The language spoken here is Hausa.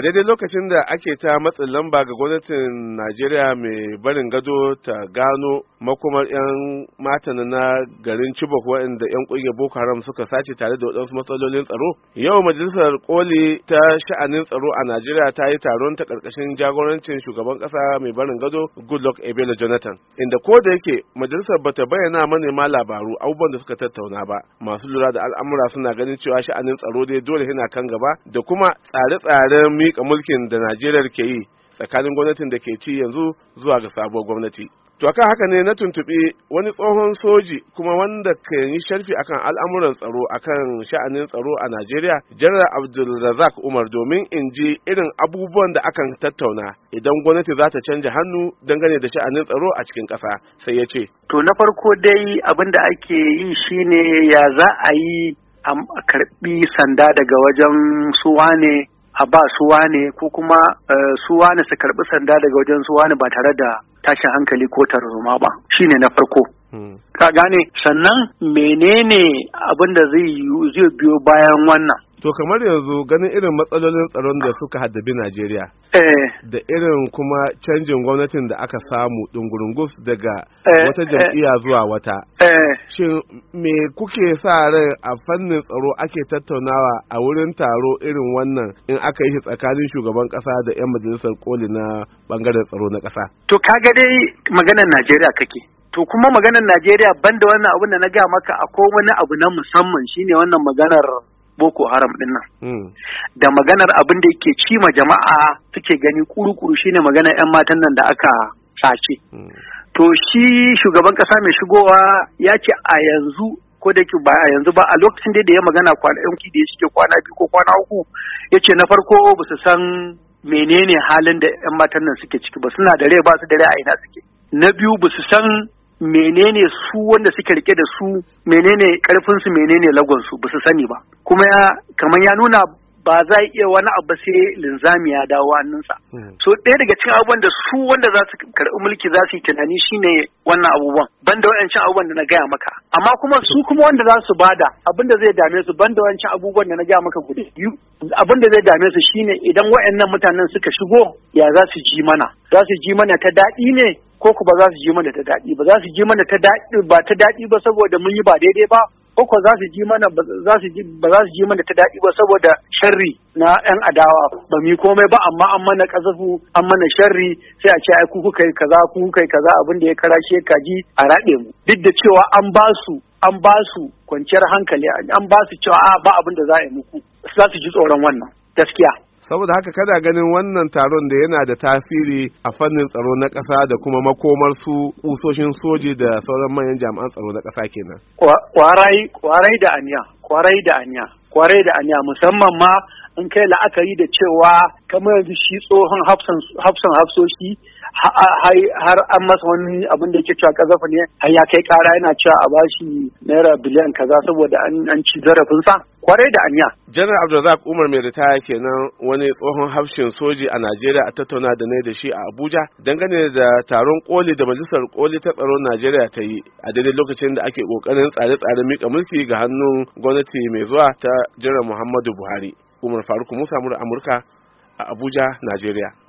a daidai lokacin da ake ta matsin lamba ga gwamnatin najeriya mai barin gado ta gano makomar 'yan matan na garin chibok waɗanda 'yan ƙungiyar boko haram suka sace tare da waɗansu matsalolin tsaro yau majalisar koli ta sha'anin tsaro a najeriya ta yi taron ta ƙarƙashin jagorancin shugaban ƙasa mai barin gado goodluck ebele jonathan inda ko da yake majalisar bata bayyana manema labaru abubuwan da suka tattauna ba masu lura da al'amura suna ganin cewa sha'anin tsaro dai dole yana kan gaba da kuma tsare-tsaren mika mulkin da najeriya ke yi tsakanin gwamnatin da ke ci yanzu zuwa ga sabuwar gwamnati to akan haka ne na tuntuɓi wani tsohon soji kuma wanda ke yi sharfi akan al'amuran tsaro akan sha'anin tsaro a najeriya janar abdulrazak umar domin in ji irin abubuwan da akan tattauna idan gwamnati za ta canja hannu dangane da sha'anin tsaro a cikin ƙasa sai ya ce to na farko dai abin da ake yi shine ya za a yi a karɓi sanda daga wajen suwa ne a ba su wane ko kuma eh, su wane su karɓi sanda daga wajen su wane ba tare da tashin hankali ko tarzoma ba shine na farko hmm. ka gane sannan menene abin da zai biyo bayan wannan to kamar yanzu ganin irin matsalolin tsaron da suka haddabi Najeriya Eh. da irin kuma canjin gwamnatin da aka samu dungurungus daga eh, wata eh. jam'iyya zuwa wata. Shin me kuke sa rai a fannin tsaro ake tattaunawa a wurin taro irin wannan in aka yi shi tsakanin shugaban ƙasa da 'yan majalisar koli na bangaren tsaro na ƙasa? To kaga dai maganar Najeriya kake. to kuma maganar Najeriya banda wannan abin da na ga maka akwai wani abu na musamman shine wannan maganar boko haram din nan hmm. da maganar abin da yake ci ma jama'a suke gani kuru shine maganar 'yan matan nan da aka sace hmm. to shi shugaban kasa mai shigowa ya ce a yanzu ko da ba a yanzu ba a lokacin da ya magana kwana yanki da ya shige kwana biyu ko kwana uku ya ce na farko ba su san menene halin da 'yan matan nan suke ciki ba suna da rai ba su da rai a ina suke na biyu ba su san menene su wanda suke rike da su menene karfin su menene lagon su su sani ba kuma ya kamar ya nuna ba za a iya wani abu sai linzami ya dawo hannunsa hmm. so ɗaya daga cikin abubuwan da su wanda za su karɓi mulki za su yi tunani shine wannan abubuwan banda wayancin abubuwan da na gaya maka amma kuma su kuma wanda za su bada abin da zai dame su banda wayancin abubuwan da na gaya maka guda biyu abin da zai dame su shine idan wa'annan mutanen suka shigo ya za su ji mana za su ji mana ta daɗi ne ko ku ba za su ji mana ta daɗi ba za su ji mana ta daɗi ba ta daɗi ba saboda mun yi ba daidai ba ko ku za su ji mana ba za su ji mana ta daɗi ba saboda sharri na yan adawa ba mu komai ba amma an mana kasafu an mana sharri sai a ce ai ku kuka yi kaza ku kuka yi kaza abin da ya karashe kaji a raɗe mu duk da cewa an ba su an ba su kwanciyar hankali an ba su cewa a ba abin da za a yi muku za su ji tsoron wannan gaskiya saboda haka kada ganin wannan taron da yana da tasiri a fannin tsaro na ƙasa da kuma makomar su kusoshin soji da sauran manyan jami'an tsaro na ƙasa kenan kwarai da aniya kwarai da aniya kwarai da aniya musamman ma in kai la'akari da cewa kamar yanzu shi tsohon hafsan hafsoshi har an masa wani abin da yake cewa kazafa ne har ya kai kara yana cewa a bashi naira biliyan kaza saboda an ci sa? kwarai da anya. janar abdulrazak umar mai ritaya kenan wani tsohon hafshin soji a najeriya a tattauna da ne da shi a abuja dangane da taron koli da majalisar koli ta tsaron najeriya ta yi a daidai lokacin da ake kokarin tsare tsare mika mulki ga hannun gwamnati mai zuwa ta jiran muhammadu buhari umar faruk musa mura amurka a abuja najeriya